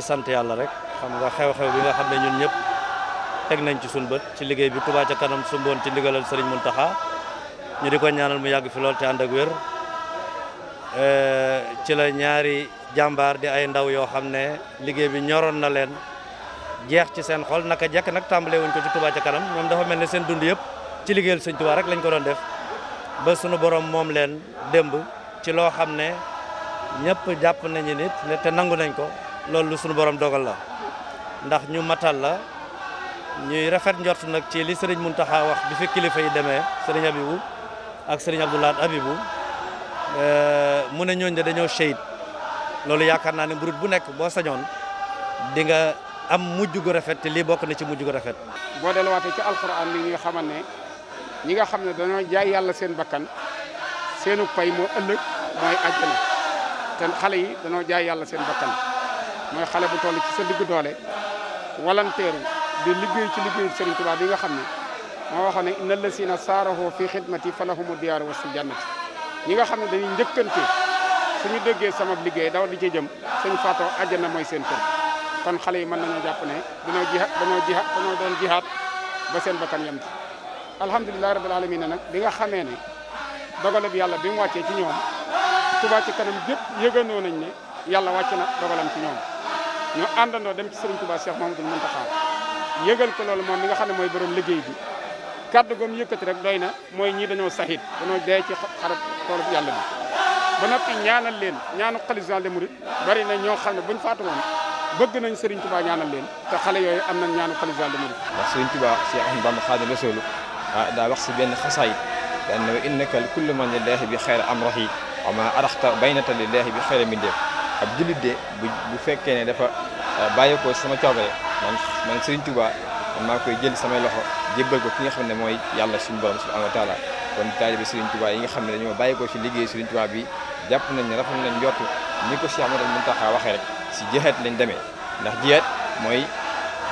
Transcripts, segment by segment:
ciy sant yàlla rek xam nga xew-xew bi nga xam ne ñun ñëpp teg nañ ci suñu bët ci liggéey bi Touba ca kanam sumboon ci ndigalal Serigne Mountakha ñu di ko ñaanal mu yàgg fi ci te ànd ci la ñaari jàmbaar di ay ndaw yoo xam ne liggéey bi ñoroon na leen jeex ci seen xol naka jekk nag tàmbale wuñ ko ci Touba ca kanam ñoom dafa mel ne seen dund yëpp ci liggéeyal Sëñ Touba rek lañ ko doon def ba sunu borom moom leen démb ci loo xam ne ñëpp jàpp nañu nit te ko loolu sunu boroom dogal la ndax ñu matal la ñuy rafet njort nag ci li sëriñ Muntaxa wax bi fi kilifa yi demee sëriñ Abibu ak sëriñ Abdoulaat Abibu euh, mu ne ñooñ de dañoo shahid loolu yaakaar naa ne murit bu nekk boo sañoon dinga am mujj gu rafet te lii bokk na ci mujj gu rafet. boo delluwaatee ci alxuraan li nga xamal ne ñi nga xam ne dañoo jaay yàlla seen bakkan seenu pay moo ëllëg mooy àjjana te xale yi dañoo jaay yàlla seen bakkan. mooy xale bu toll ci sa diggu doole walanteeru di liggéey ci liggéeyu Serigne Touba bi nga xam ne moo waxoon ne inna lasina saaraho fi xidmati falahumu wa wasu jannati ñi nga xam ne dañuy njëkkante suñu dëggee sama liggéey daw di ci jëm suñu faatoo àjjana mooy seen kër kon xale yi mën nañoo jàpp ne dañoo jihaat dañoo jihaat dañoo doon jihaat ba seen bakkan yem ci alhamdulilahi rabbil ne nag bi nga xamee ne dogalab yàlla bi mu wàccee ci ñoom Touba ci kanam gépp nañ ne yàlla wàcc na dogalam ci ñoom ñu àndandoo dem ci sëriñ Touba Cheikh Mamadou Mountakha yëgal ko loolu moom mi nga xam ne mooy borom liggéey bi kaddu goom yëkkati rek doy na mooy ñii dañoo saxiit dañoo dee ci xarab toolu yàlla bi ba noppi ñaanal leen ñaanu xalifa général des mourides bari na ñoo xam ne buñ faatu woon bëgg nañ Serigne Touba ñaanal leen te xale yooyu am nañ ñaanu xalifa général des mourides ndax Serigne Touba Cheikh Ahmadou Bamba Khadimu Rasulu daa wax si benn xasaayit daan na innaka li kulli man lillahi bi xayra amrahi wa ma araxta baynata lillahi bi xayra mindeef ab jullit de bu bu fekkee ne dafa bàyyi ko sama coobare man man Serigne Touba man maa koy jël samay loxo jébbal ko ki nga xam ne mooy yàlla suñu borom subhanahu wa taala kon taalibe Serigne Touba yi nga xam ne dañoo bàyyi ko ci liggéey Serigne Touba bi jàpp nañ ne rafet nañ yottu ni ko Cheikh Amadou Mountakha waxee rek si jihaat lañ demee ndax jihaat mooy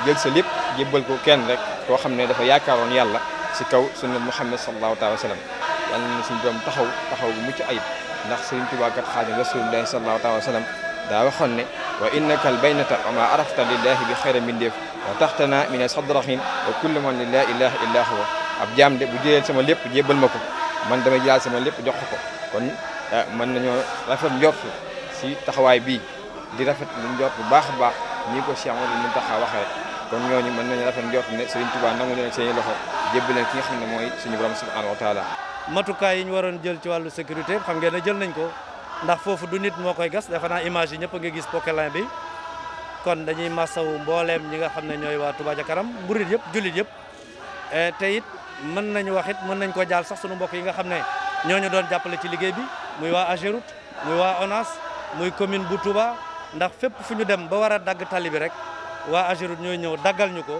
jël sa lépp jébbal ko kenn rek koo xam ne dafa yaakaaroon yàlla si kaw sunna Muhammad sallallahu taala wa sallam yàlla na suñu borom taxaw taxaw bu mucc ayib ndax Serigne Touba kat xaadim rasulullahi sallallahu taala wa sallam دا وخون ني وانك البينه وما عرفت لله بخير من ديف وتختنا من صدرهم وكل من لا اله الا هو اب جام دي بوديل سما ليب جيبل مكو من داما جال سما ليب جوخ كون آه، من نيو رافت نيوف سي تخواي بي دي رافت لي نيوف باخ باخ ني كو شيخ مولا من تخا واخا كون نيو ني من نيو رافت نيوف ني سيرين توبا نامو لين سيني لوخو جيبل لين كي خن موي سيني برام سبحانه وتعالى matukay yi ñu waroon jël ci walu sécurité xam ngeen na jël ndax foofu du nit moo koy gas defe image yi ñëpp nga gis poquelin bi kon dañuy masawu mbooleem ñi nga xam ne ñooy waa Touba ca kanam murit yëpp jullit yëpp eh, te it mën nañu wax it mën nañ ko jaal sax sunu mbokk yi nga xam ne ñooñu doon jàppale ci liggéey bi muy waa Ageroute muy waa ONAS muy commune bu Touba ndax fépp fu ñu dem ba war a dagg tali bi rek waa Ageroute ñooy ñëw daggal ñu ko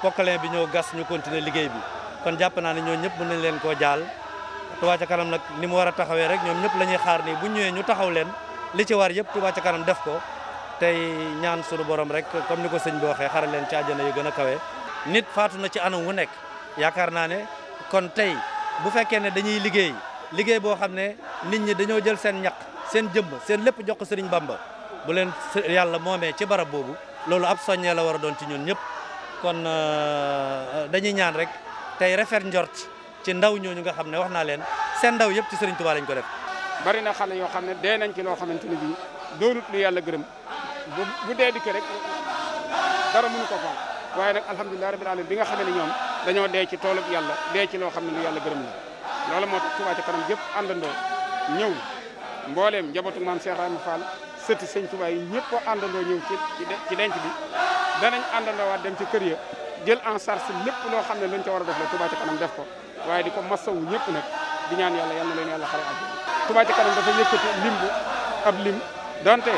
poquelin bi ñëw gas ñu continuer liggéey bi kon jàpp naa ne ñoo ñëpp mën nañ leen koo jaal Touba ca nag ni mu war a taxawee rek ñoom ñëpp lañuy ñuy xaar nii bu ñëwee ñu taxaw leen li ci war yëpp Touba ca kanam def ko tey ñaan sunu borom rek comme ni ko sëñ bi waxee xaral leen ci àjjana yu gën a kawe. nit faatu na ci anam wu nekk yaakaar naa ne kon tey bu fekkee ne dañuy liggéey liggéey boo xam ne nit ñi dañoo jël seen ñaq seen jëm seen lépp jox ko Sëriñ Bamba bu leen yàlla moomee ci barab boobu loolu ab soññee la war a doon ci ñun ñëpp kon euh, dañuy ñaan rek tey refer njort ci ndaw ñooñu nga xamne wax na leen seen ndaw yëpp ci Serigne Touba lañ ko def. bari na xalé yo xamne ne nañ ci lo xamanteni ni bii doonut lu yalla gërem bu dé dik rek dara mënu ko fa waye nak alhamdullilah rabbil alamin bi nga xamne ñoom dañoo dé ci tolu yalla dé ci lo xamne lu yalla gërem la loolu mo tax Touba ci kanam yëpp andando ñew mbollem jabatu maam Cheikh Rahma Fall seuti serigne Touba yi ñepp andando ñew ci ci denc bi danañ andando wa dem ci kër ya jël en charge lepp lo xamne ne luñ ca war def la Touba ci kanam def ko waaye di ko masawu ñëpp nag di ñaan yàlla yal na leen yàlla xare àjjana Touba ci kanam dafa yëkkati lim bu ab lim donte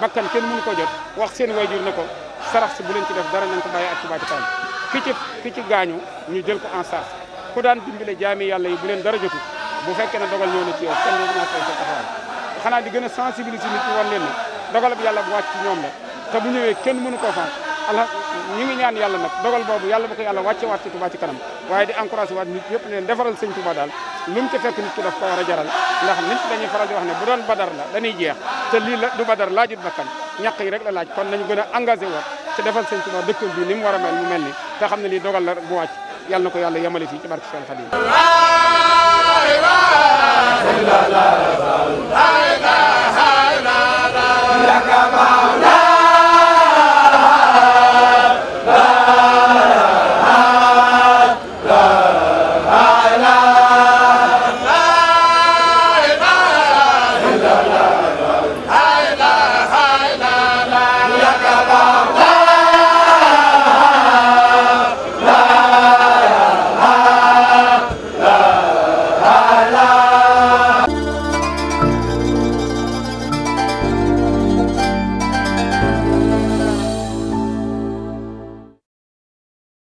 bakkan kenn mënu jot wax seen wayjur na ko sarax si bu leen ci def dara nañ ko bàyyi ak Touba ci kanam ki ci ki ci gaañu ñu jël ko en charge ku daan dimbale jaami yàlla yi bu leen dara jotu bu fekkee ne dogal ñëw na ci yow kenn du ñàkk a taxawaay xanaa di gën a sensibiliser nit ñi war leen ne bi yàlla bu wàcc ci ñoom la te bu kenn mënu koo fànq ala ñu ngi ñaan nag dogal boobu yàlla bu ko yàlla wàcce waat ci kanam waaye di encouragé waat nit yëpp leen defaral sëñ Touba daal lu mu fekk nit ki daf ko war a jaral ndax nit dañuy faral di ne bu doon badar la dañuy jeex te lii la du badar laajut bakkan ñàq yi la laaj kon nañu gën a engagé te defal sëñ Touba dëkk bi ni war a mel mel ni te xam ne lii dogal la bu wàcc yàlla na ko yàlla yemale fii ci barke Cheikh Khadim